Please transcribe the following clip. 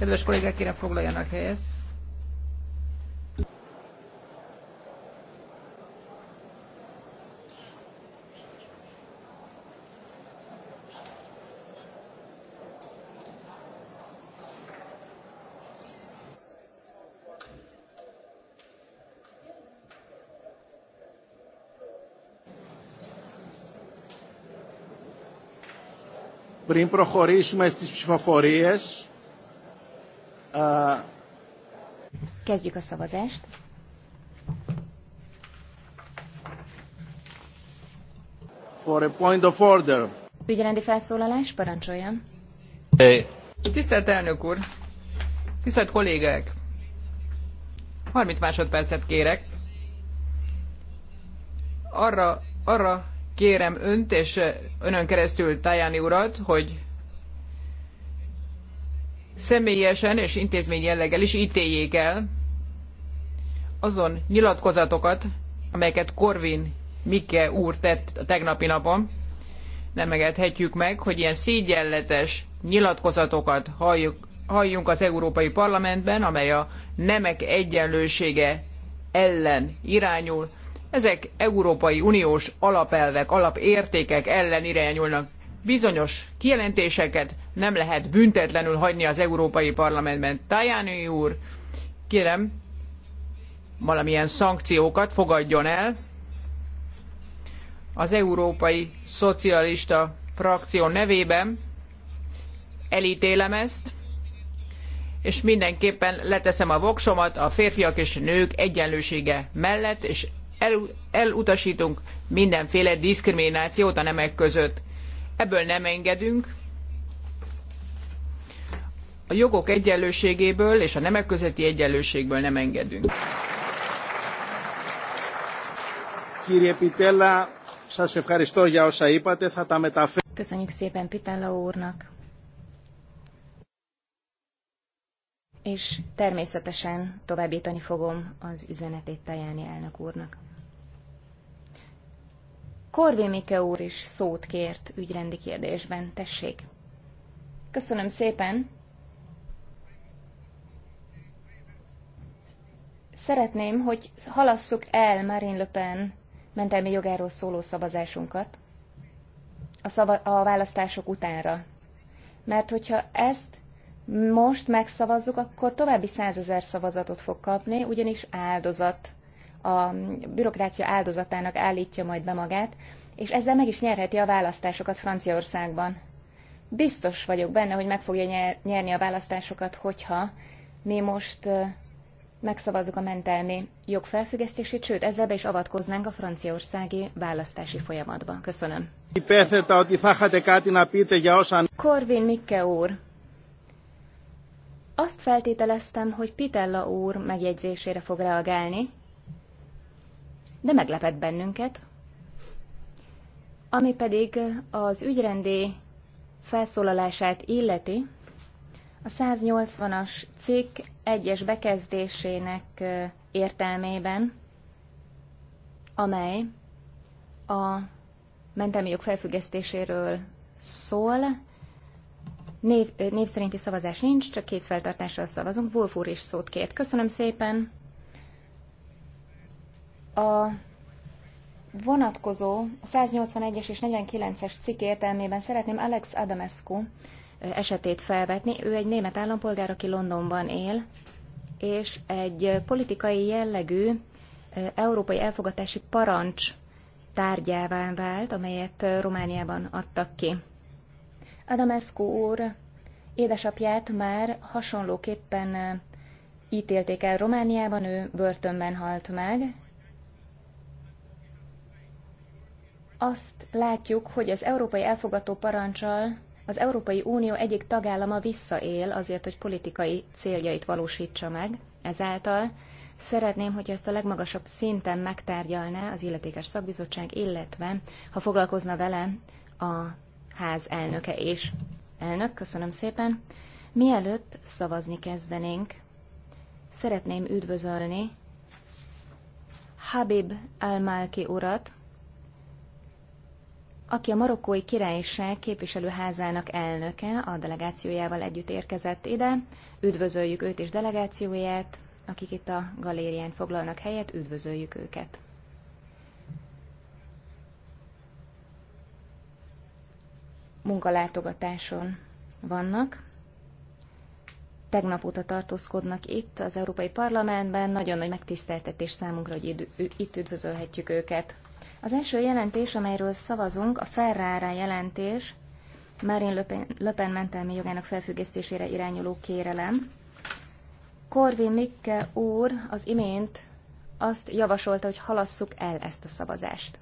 Kedves kollégák, kérem foglaljanak helyet. Πριν προχωρήσουμε στις ψηφοφορίες, Uh, Kezdjük a szavazást. For a point of order. Ügyrendi felszólalás, parancsoljon. Hey. Tisztelt elnök úr, tisztelt kollégák, 30 másodpercet kérek. Arra, arra kérem önt és önön keresztül Tajani urat, hogy személyesen és intézmény jelleggel is ítéljék el azon nyilatkozatokat, amelyeket Korvin Mikke úr tett a tegnapi napon. Nem engedhetjük meg, hogy ilyen szégyenletes nyilatkozatokat halljuk, halljunk az Európai Parlamentben, amely a nemek egyenlősége ellen irányul. Ezek Európai Uniós alapelvek, alapértékek ellen irányulnak bizonyos kijelentéseket nem lehet büntetlenül hagyni az Európai Parlamentben. Tajani úr, kérem, valamilyen szankciókat fogadjon el. Az Európai Szocialista frakció nevében elítélem ezt, és mindenképpen leteszem a voksomat a férfiak és nők egyenlősége mellett, és el, elutasítunk mindenféle diszkriminációt a nemek között. Ebből nem engedünk. A jogok egyenlőségéből és a nemek közötti egyenlőségből nem engedünk. Κύριε Πιτέλα, Köszönjük szépen Pitella úrnak. És természetesen továbbítani fogom az üzenetét Tajáni elnök úrnak. Korvé Mike úr is szót kért ügyrendi kérdésben. Tessék. Köszönöm szépen. Szeretném, hogy halasszuk el Marine Le Pen mentelmi jogáról szóló szavazásunkat a, szava- a választások utánra. Mert hogyha ezt most megszavazzuk, akkor további százezer szavazatot fog kapni, ugyanis áldozat a bürokrácia áldozatának állítja majd be magát, és ezzel meg is nyerheti a választásokat Franciaországban. Biztos vagyok benne, hogy meg fogja nyer nyerni a választásokat, hogyha mi most megszavazzuk a mentelmi jog felfüggesztését, sőt, ezzel be is avatkoznánk a franciaországi választási folyamatba. Köszönöm. Korvin Mikke úr, azt feltételeztem, hogy Pitella úr megjegyzésére fog reagálni, de meglepett bennünket, ami pedig az ügyrendé felszólalását illeti, a 180-as cikk egyes bekezdésének értelmében, amely a mentelmi jog felfüggesztéséről szól, Név, név szerinti szavazás nincs, csak készfeltartással szavazunk. Wolf úr is szót kért. Köszönöm szépen. A vonatkozó 181-es és 49-es cikk értelmében szeretném Alex Adamescu esetét felvetni. Ő egy német állampolgár, aki Londonban él, és egy politikai jellegű európai elfogatási parancs tárgyává vált, amelyet Romániában adtak ki. Adamescu úr édesapját már hasonlóképpen ítélték el Romániában, ő börtönben halt meg, azt látjuk, hogy az európai elfogató parancsal az Európai Unió egyik tagállama visszaél azért, hogy politikai céljait valósítsa meg. Ezáltal szeretném, hogy ezt a legmagasabb szinten megtárgyalná az illetékes szakbizottság, illetve ha foglalkozna vele a ház elnöke és Elnök, köszönöm szépen. Mielőtt szavazni kezdenénk, szeretném üdvözölni Habib Almalki urat, aki a marokkói királyság képviselőházának elnöke, a delegációjával együtt érkezett ide. Üdvözöljük őt és delegációját, akik itt a galérián foglalnak helyet, üdvözöljük őket. Munkalátogatáson vannak tegnap óta tartózkodnak itt az Európai Parlamentben. Nagyon nagy megtiszteltetés számunkra, hogy itt üdvözölhetjük őket. Az első jelentés, amelyről szavazunk, a Ferrara jelentés, Marine Le Pen, Le Pen mentelmi jogának felfüggesztésére irányuló kérelem. Korvin Mikke úr az imént azt javasolta, hogy halasszuk el ezt a szavazást.